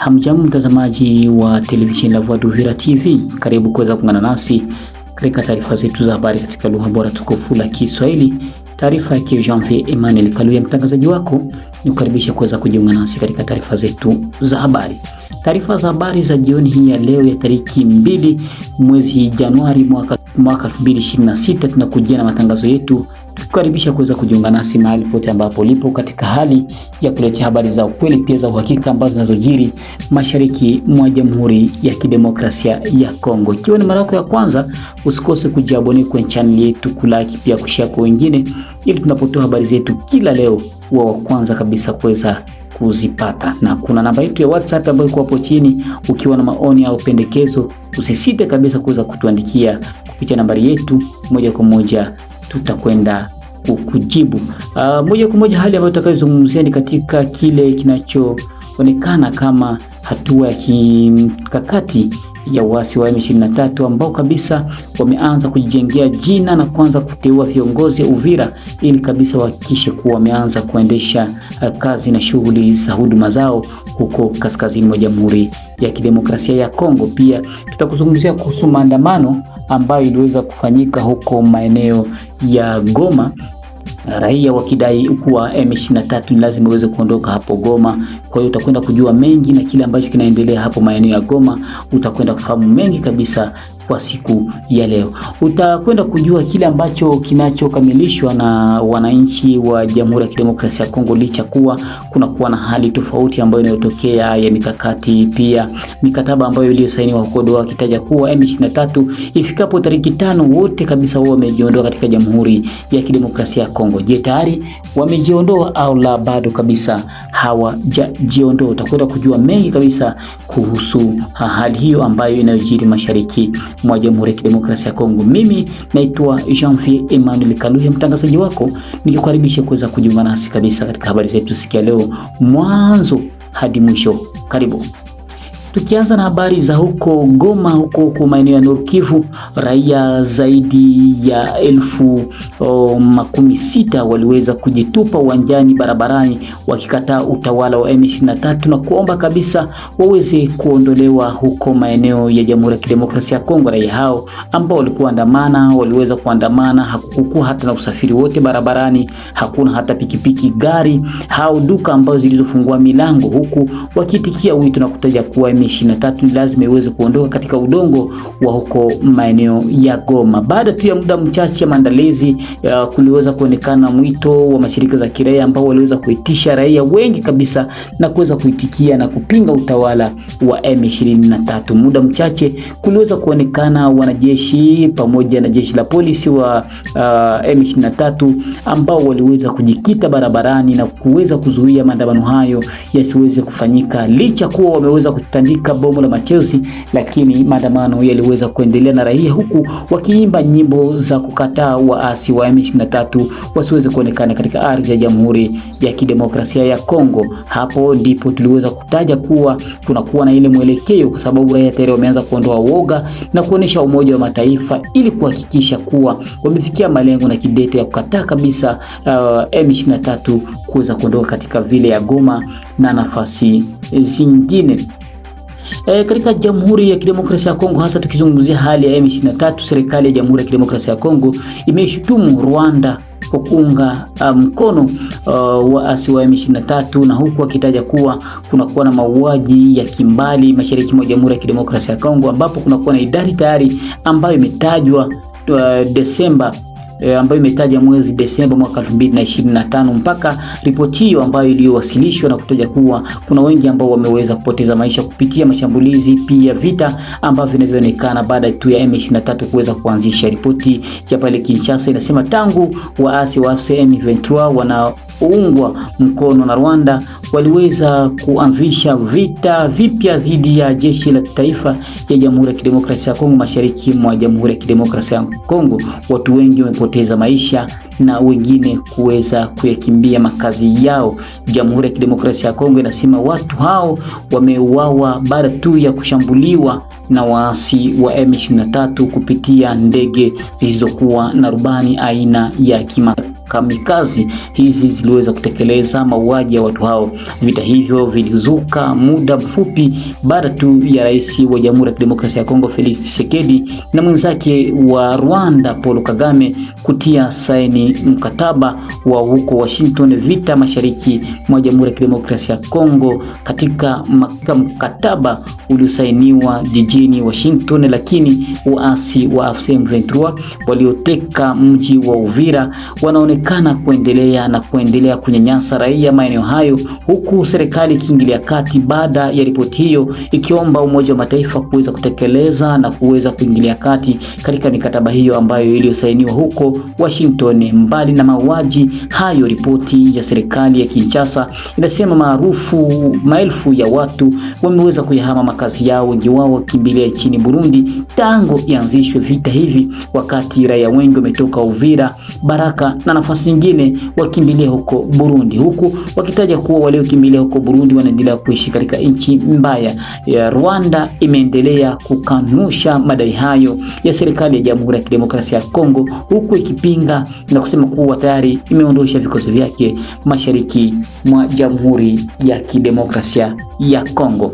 Hamjambo mtazamaji wa televisheni La Voix d'Uvira TV, karibu kuweza kuungana nasi katika taarifa zetu za habari katika lugha bora tukufu la Kiswahili. Taarifa ya jean Emmanuel Kaluya, mtangazaji wako, ni kukaribisha kuweza kujiunga nasi katika taarifa zetu za habari. Taarifa za habari za jioni hii ya leo ya tariki mbili mwezi Januari mwaka 2026 tunakujia na matangazo yetu kukaribisha kuweza kujiunga nasi mahali pote ambapo lipo katika hali ya kuletea habari za ukweli pia za uhakika ambazo zinazojiri mashariki mwa Jamhuri ya Kidemokrasia ya Kongo. Ikiwa ni mara yako ya kwanza, usikose kujiabonea kwenye channel yetu, kulike pia kushare kwa wengine, ili tunapotoa habari zetu kila leo wa wa kwanza kabisa kuweza kuzipata. Na kuna namba yetu ya WhatsApp ambayo iko hapo chini. Ukiwa na maoni au pendekezo, usisite kabisa kuweza kutuandikia kupitia nambari yetu moja kwa moja tutakwenda kukujibu uh, moja kwa moja. Hali ambayo tutakayozungumzia ni katika kile kinachoonekana kama hatua ya kimkakati ya uasi wa M23 ambao kabisa wameanza kujijengea jina na kuanza kuteua viongozi Uvira ili kabisa wahakikishe kuwa wameanza kuendesha ah, kazi na shughuli za huduma zao huko kaskazini mwa Jamhuri ya Kidemokrasia ya Kongo. Pia tutakuzungumzia kuhusu maandamano ambayo iliweza kufanyika huko maeneo ya Goma, raia wakidai kuwa M23 ni lazima uweze kuondoka hapo Goma. Kwa hiyo utakwenda kujua mengi na kile ambacho kinaendelea hapo maeneo ya Goma, utakwenda kufahamu mengi kabisa kwa siku ya leo. Utakwenda kujua kile ambacho kinachokamilishwa na wananchi wa Jamhuri ya Kidemokrasia ya Kongo, licha kuwa kuna kuwa na hali tofauti ambayo inayotokea ya mikakati, pia mikataba ambayo iliyosainiwa huko Doha, kitaja kuwa M23 ifikapo tariki tano wote kabisa wao wamejiondoa katika Jamhuri ya Kidemokrasia ya Kongo. Je, tayari wamejiondoa au la? Bado kabisa hawajajiondoa. Utakwenda kujua mengi kabisa kuhusu ahadi hiyo ambayo inayojiri mashariki mwa Jamhuri ya Kidemokrasia ya Kongo. Mimi naitwa Jean-Pierre Emmanuel Kaluhe, mtangazaji wako nikikukaribisha kuweza kujiunga nasi kabisa katika habari zetu sikia leo mwanzo hadi mwisho. Karibu. Tukianza na habari za huko Goma, huko huko maeneo ya Nord Kivu, raia zaidi ya elfu makumi sita waliweza kujitupa uwanjani, barabarani wakikataa utawala wa M23 na kuomba kabisa waweze kuondolewa huko maeneo ya Jamhuri ya Kidemokrasia ya Kongo. Raia hao ambao walikuwa andamana waliweza kuandamana, hakukuwa hata na usafiri wote barabarani, hakuna hata pikipiki, gari au duka ambazo zilizofungua milango, huku wakitikia wito na kutaja kuwa karne 23 lazima iweze kuondoka katika udongo wa huko maeneo ya Goma. Baada tu ya muda mchache maandalizi, uh, kuliweza kuonekana mwito wa mashirika za kiraia ambao waliweza kuitisha raia wengi kabisa na kuweza kuitikia na kupinga utawala wa M23. Muda mchache kuliweza kuonekana wanajeshi pamoja na jeshi la polisi wa uh, M23 ambao waliweza kujikita barabarani na kuweza kuzuia maandamano hayo yasiweze kufanyika licha kuwa wameweza kutandika kuvunjika bomu la machozi, lakini maandamano yaliweza kuendelea na raia huku wakiimba nyimbo za kukataa waasi wa M23 wasiweze kuonekana katika ardhi ya Jamhuri ya Kidemokrasia ya Kongo. Hapo ndipo tuliweza kutaja kuwa tunakuwa na ile mwelekeo, kwa sababu raia tayari wameanza kuondoa woga na kuonesha umoja wa Mataifa ili kuhakikisha kuwa wamefikia malengo na kidete ya kukataa kabisa uh, M23 kuweza kuondoka katika vile ya Goma na nafasi zingine. E, katika Jamhuri ya Kidemokrasia ya Kongo hasa tukizungumzia hali ya M23, serikali ya Jamhuri ya Kidemokrasia ya Kongo imeshutumu Rwanda kwa kuunga ah, mkono um, waasi uh, wa M23 na huku akitaja kuwa kunakuwa na mauaji ya kimbali mashariki mwa Jamhuri ya Kidemokrasia ya Kongo ambapo kunakuwa na idadi tayari ambayo imetajwa uh, Desemba e, ambayo imetaja mwezi Desemba mwaka 2025 mpaka ripoti hiyo ambayo iliyowasilishwa na kutaja kuwa kuna wengi ambao wameweza kupoteza maisha kupitia mashambulizi pia vita ambavyo vinavyoonekana baada tu ya M23 kuweza kuanzisha. Ripoti ya pale Kinshasa inasema tangu waasi wa fcm M23 wana kuungwa mkono na Rwanda waliweza kuanzisha vita vipya dhidi ya jeshi la taifa ya Jamhuri ya Kidemokrasia ya Kongo mashariki mwa Jamhuri ya Kidemokrasia ya Kongo. Watu wengi wamepoteza maisha na wengine kuweza kuyakimbia makazi yao. Jamhuri ya Kidemokrasia ya Kongo inasema watu hao wameuawa baada tu ya kushambuliwa na waasi wa M23 kupitia ndege zilizokuwa na rubani aina ya kima kamikazi hizi ziliweza kutekeleza mauaji ya watu hao. Vita hivyo vilizuka muda mfupi baada tu ya rais wa Jamhuri ya Kidemokrasia ya Kongo Felix Tshisekedi na mwenzake wa Rwanda Paul Kagame kutia saini mkataba wa huko Washington, vita mashariki mwa Jamhuri ya Kidemokrasia ya Kongo, katika mkataba uliosainiwa jijini Washington, lakini waasi wa AFC M23 walioteka mji wa Uvira wanaone inaonekana kuendelea na kuendelea kunyanyasa raia maeneo hayo, huku serikali ikiingilia kati baada ya ripoti hiyo ikiomba Umoja wa Mataifa kuweza kutekeleza na kuweza kuingilia kati katika mikataba hiyo ambayo iliyosainiwa huko Washington. Mbali na mauaji hayo, ripoti ya serikali ya Kinshasa inasema maarufu maelfu ya watu wameweza kuyahama makazi yao, wengi wao wakimbilia nchini Burundi tangu ianzishwe vita hivi, wakati raia wengi wametoka Uvira, Baraka na nafasi nyingine wakimbilia huko Burundi, huku wakitaja kuwa waliokimbilia huko Burundi wanaendelea kuishi katika nchi mbaya. Ya Rwanda imeendelea kukanusha madai hayo ya serikali ya Jamhuri ya Kidemokrasia ya Kongo, huku ikipinga na kusema kuwa tayari imeondosha vikosi vyake mashariki mwa Jamhuri ya Kidemokrasia ya Kongo.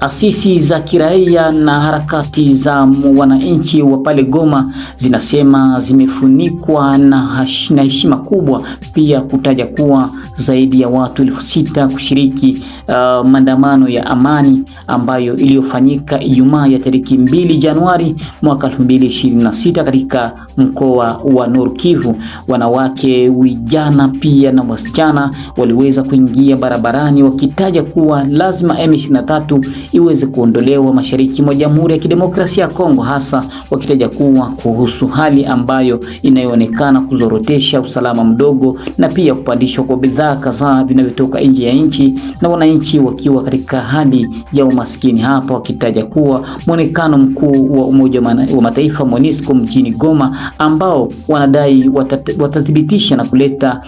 Asisi za kiraia na harakati za wananchi wa pale Goma zinasema zimefunikwa na heshima kubwa, pia kutaja kuwa zaidi ya watu elfu sita kushiriki uh, maandamano ya amani ambayo iliyofanyika Ijumaa ya tariki 2 Januari mwaka 2026 katika mkoa wa Nord Kivu. Wanawake, vijana pia na wasichana waliweza kuingia barabarani wakitaja kuwa lazima M23 iweze kuondolewa mashariki mwa Jamhuri ya Kidemokrasia ya Kongo, hasa wakitaja kuwa kuhusu hali ambayo inayoonekana kuzorotesha usalama mdogo na pia kupandishwa kwa bidhaa kadhaa vinavyotoka nje ya nchi na wananchi wakiwa katika hali ya umaskini, hapa wakitaja kuwa mwonekano mkuu wa Umoja wa Mataifa MONUSCO mjini Goma ambao wanadai watathibitisha na kuleta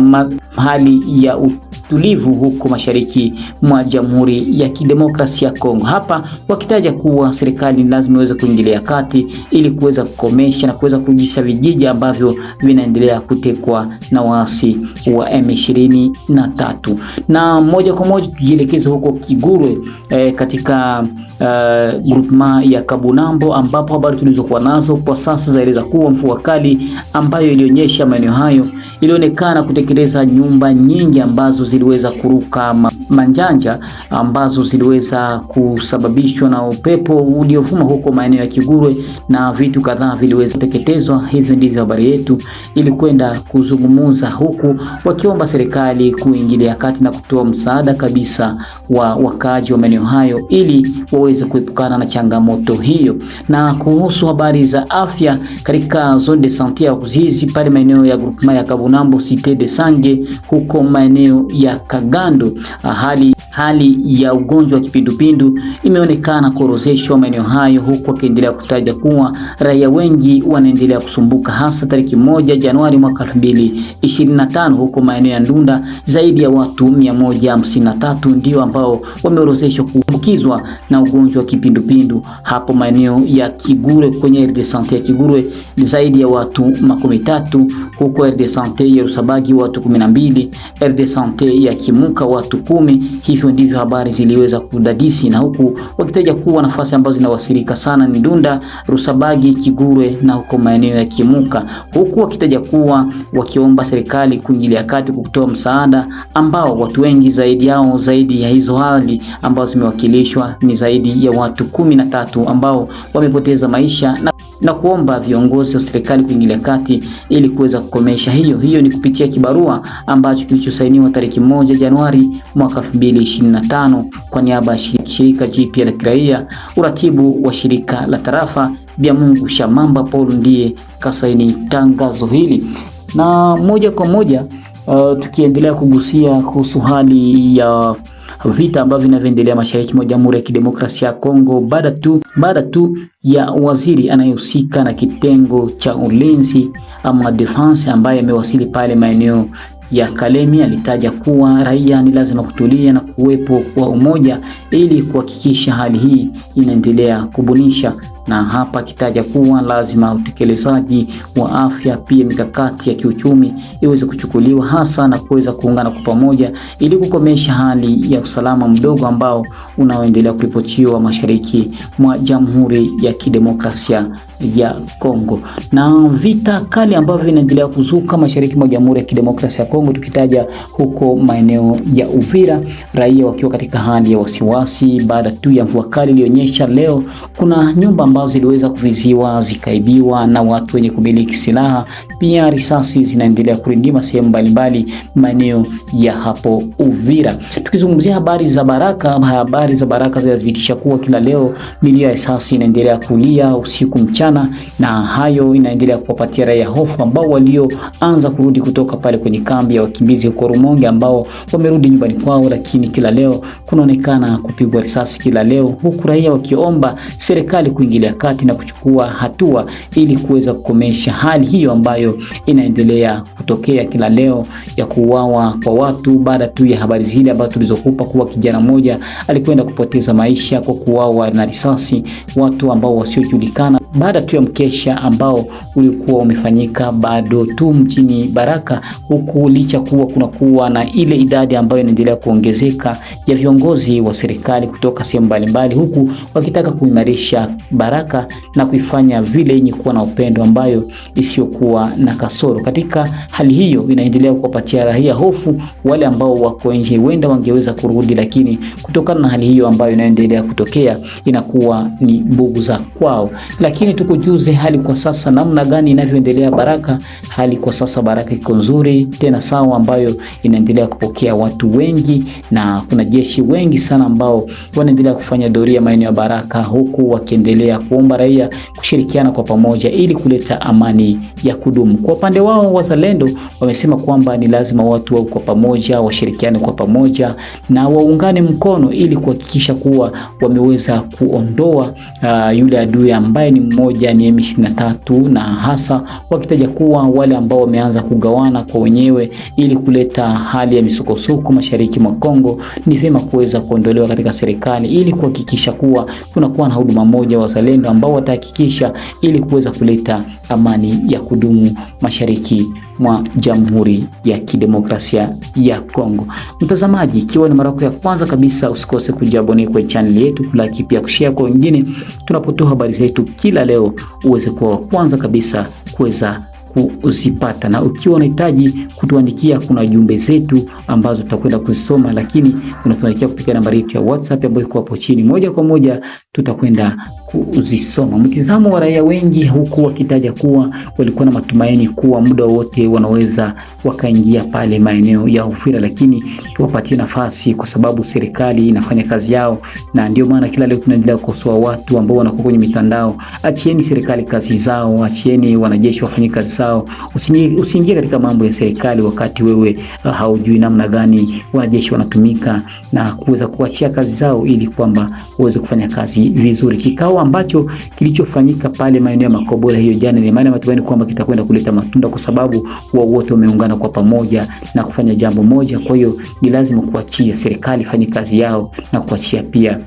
uh, hali ya utulivu huko mashariki mwa Jamhuri ya Kidemokrasia ya Kongo, hapa wakitaja kuwa serikali lazima iweze kuingilia kati ili kuweza kukomesha na kuweza kurudisha vijiji ambavyo vinaendelea kutekwa na waasi wa M23. Na moja kwa moja tujielekeze huko Kigurwe eh, katika eh, grupma ya Kabunambo ambapo habari tulizokuwa nazo kwa sasa zaeleza kuwa mvua kali ambayo ilionyesha maeneo hayo ilionekana kutekeleza nyumba nyingi ambazo ziliweza kuruka ma manjanja ambazo ziliweza kusababishwa na upepo uliovuma huko maeneo ya Kigurwe na vitu kadhaa viliweza teketezwa. Hivyo ndivyo habari yetu ili kwenda kuzungumuza, huku wakiomba serikali kuingilia kati na kutoa msaada kabisa wa wakaaji wa maeneo hayo ili waweze kuepukana na changamoto hiyo. Na kuhusu habari za afya katika zone de santé ya Ruzizi pale maeneo ya groupement ya Kabunambo Cité de Sange huko maeneo ya Kagando hali hali ya ugonjwa wa kipindupindu imeonekana kuorozeshwa maeneo hayo, huku akiendelea kutaja kuwa raia wengi wanaendelea kusumbuka, hasa tariki moja Januari mwaka 2025 huko maeneo ya Ndunda, zaidi ya watu 153 ndio ambao wameorozeshwa kuambukizwa na ugonjwa wa kipindupindu. Hapo maeneo ya Kigure kwenye RD Sante ya Kigure zaidi ya watu makumi tatu, huko RD Sante ya Rusabagi watu 12, RD Sante ya Kimuka watu 10 kumi. Hivyo ndivyo habari ziliweza kudadisi, na huku wakitaja kuwa nafasi ambazo zinawasirika sana ni Dunda, Rusabagi, Kigure na huko maeneo ya Kimuka, huku wakitaja kuwa wakiomba serikali kuingilia kati kutoa msaada ambao watu wengi zaidi yao zaidi ya hizo hali ambazo zimewakilishwa ni zaidi ya watu kumi na tatu ambao wamepoteza maisha na na kuomba viongozi wa serikali kuingilia kati ili kuweza kukomesha hiyo. Hiyo ni kupitia kibarua ambacho kilichosainiwa tariki moja Januari mwaka 2025 kwa niaba ya shirika jipya la kiraia. Uratibu wa shirika la tarafa mungu Shamamba Paul ndiye kasaini tangazo hili na moja kwa moja uh, tukiendelea kugusia kuhusu hali ya vita ambavyo vinavyoendelea mashariki mwa Jamhuri ya Kidemokrasia ya Kongo baada tu baada tu ya waziri anayehusika na kitengo cha ulinzi ama defense ambaye amewasili pale maeneo ya Kalemi alitaja kuwa raia ni lazima kutulia na kuwepo kwa umoja ili kuhakikisha hali hii inaendelea kubunisha na hapa kitaja kuwa lazima utekelezaji wa afya pia mikakati ya kiuchumi iweze kuchukuliwa hasa na kuweza kuungana kwa pamoja ili kukomesha hali ya usalama mdogo ambao unaoendelea kuripotiwa mashariki mwa Jamhuri ya Kidemokrasia ya Kongo na vita kali ambavyo vinaendelea kuzuka mashariki mwa Jamhuri ya Kidemokrasia ya Kongo, tukitaja huko maeneo ya Uvira, raia wakiwa katika hali ya wasiwasi baada tu ya mvua kali ilionyesha leo. Kuna nyumba ambazo ziliweza kuviziwa zikaibiwa na watu wenye kumiliki silaha. Pia risasi zinaendelea kurindima sehemu mbalimbali maeneo ya hapo Uvira. Tukizungumzia habari za Baraka, habari za Baraka zinathibitisha kuwa kila leo milio ya risasi inaendelea kulia usiku mchana, na hayo inaendelea kuwapatia raia hofu ambao walioanza kurudi kutoka pale kwenye kambi ya wakimbizi huko Rumonge, ambao wamerudi nyumbani kwao, lakini kila leo kunaonekana kupigwa risasi kila leo, huku raia wakiomba serikali kuingilia kuingilia kati na kuchukua hatua ili kuweza kukomesha hali hiyo ambayo inaendelea kutokea kila leo ya kuuawa kwa watu, baada tu ya habari zile ambazo tulizokupa kuwa kijana mmoja alikwenda kupoteza maisha kwa kuuawa na risasi watu ambao wasiojulikana baada tu ya mkesha ambao ulikuwa umefanyika bado tu mjini Baraka, huku licha kuwa kuna kuwa na ile idadi ambayo inaendelea kuongezeka ya viongozi wa serikali kutoka sehemu mbalimbali, huku wakitaka kuimarisha Baraka na kuifanya vile yenye kuwa na upendo ambayo isiyokuwa na kasoro. Katika hali hiyo inaendelea kuwapatia raia hofu, wale ambao wako nje huenda wangeweza kurudi, lakini kutokana na hali hiyo ambayo inaendelea kutokea inakuwa ni bugu za kwao, lakini lakini tukujuze hali kwa sasa namna gani inavyoendelea Baraka. Hali kwa sasa Baraka iko nzuri tena sawa, ambayo inaendelea kupokea watu wengi na kuna jeshi wengi sana ambao wanaendelea kufanya doria maeneo ya Baraka, huku wakiendelea kuomba raia kushirikiana kwa pamoja ili kuleta amani ya kudumu. Kwa upande wao wazalendo wamesema kwamba ni lazima watu wao kwa pamoja washirikiane kwa pamoja na waungane mkono ili kuhakikisha kuwa wameweza kuondoa uh, yule adui ambaye ni moja ni M23 na hasa wakitaja kuwa wale ambao wameanza kugawana kwa wenyewe ili kuleta hali ya misukosuko mashariki mwa Kongo, ni vyema kuweza kuondolewa katika serikali ili kuhakikisha kuwa kunakuwa na huduma moja wazalendo ambao watahakikisha ili kuweza kuleta amani ya kudumu mashariki mwa Jamhuri ya Kidemokrasia ya Kongo. Mtazamaji, ikiwa ni mara ya kwanza kabisa, usikose kujiabonea kwa channel yetu, kulike pia kushare kwa wengine, tunapotoa habari zetu kila leo, uweze kuwa wa kwanza kabisa kuweza kuzipata na ukiwa unahitaji kutuandikia, kuna jumbe zetu ambazo tutakwenda kuzisoma, lakini unatuandikia kupitia nambari yetu ya WhatsApp ambayo iko hapo chini. Moja kwa moja tutakwenda kuzisoma. Mtizamo wa raia wengi huku wakitaja kuwa walikuwa na matumaini kuwa muda wote wanaweza wakaingia pale maeneo ya Ufira, lakini wapatie nafasi, kwa sababu serikali inafanya kazi yao, na ndio maana kila leo tunaendelea kukosoa watu ambao wanakuwa kwenye mitandao. Achieni serikali kazi zao, achieni wanajeshi wafanye kazi zao. Usiingie katika mambo ya serikali wakati wewe uh, haujui namna gani wanajeshi wanatumika na kuweza kuachia kazi zao ili kwamba uweze kufanya kazi vizuri kikawa ambacho kilichofanyika pale maeneo ya Makobola hiyo jana, ni maana matumaini kwamba kitakwenda kuleta matunda, kwa sababu wao wote wameungana kwa pamoja na kufanya jambo moja. Kwa hiyo ni lazima kuachia serikali ifanye kazi yao na kuachia pia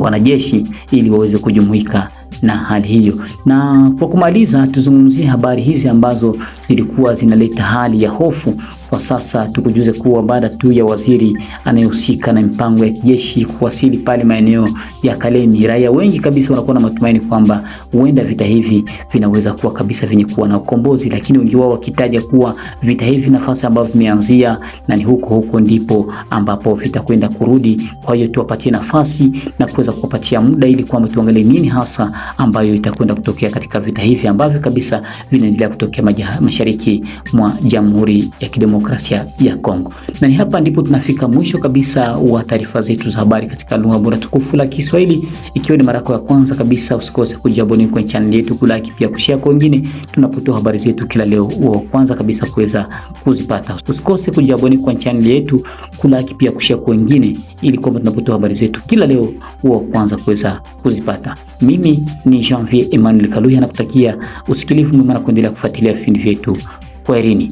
wanajeshi ili waweze kujumuika na hali hiyo. Na kwa kumaliza, tuzungumzie habari hizi ambazo zilikuwa zinaleta hali ya hofu kwa sasa. Tukujuze kuwa baada tu ya waziri anayehusika na mipango ya kijeshi kuwasili pale maeneo ya Kalemi, raia wengi kabisa wanakuwa na matumaini kwamba huenda vita hivi vinaweza kuwa kabisa vyenye kuwa na ukombozi, lakini wengi wao wakitaja kuwa vita hivi nafasi ambayo vimeanzia na ni huko huko ndipo ambapo kwenda kurudi. Kwa hiyo tuwapatie nafasi na kuweza kuwapatia muda ili kwamba tuangalie nini hasa ambayo itakwenda kutokea katika vita hivi ambavyo kabisa vinaendelea kutokea mashariki mwa Jamhuri ya Kidemokrasia ya Kongo. Na ni hapa ndipo tunafika mwisho kabisa wa taarifa zetu za habari katika lugha bora tukufu la Kiswahili. Ikiwa ni mara ya kwanza kabisa, usikose kujiabone kwenye channel yetu, kulike pia kushare kwa wengine, tunapotoa habari zetu kila leo, wa kwanza kabisa kuweza kuzipata. Usikose kujiabone kwenye channel yetu, kulike pia kushare kwa wengine, ili kwamba tunapotoa habari zetu kila leo, wa kwanza kuweza kuzipata. Mimi ni Janvier Emmanuel Kaluya, nakutakia usikilivu mwema na kuendelea kufuatilia vipindi vyetu. Kwaherini.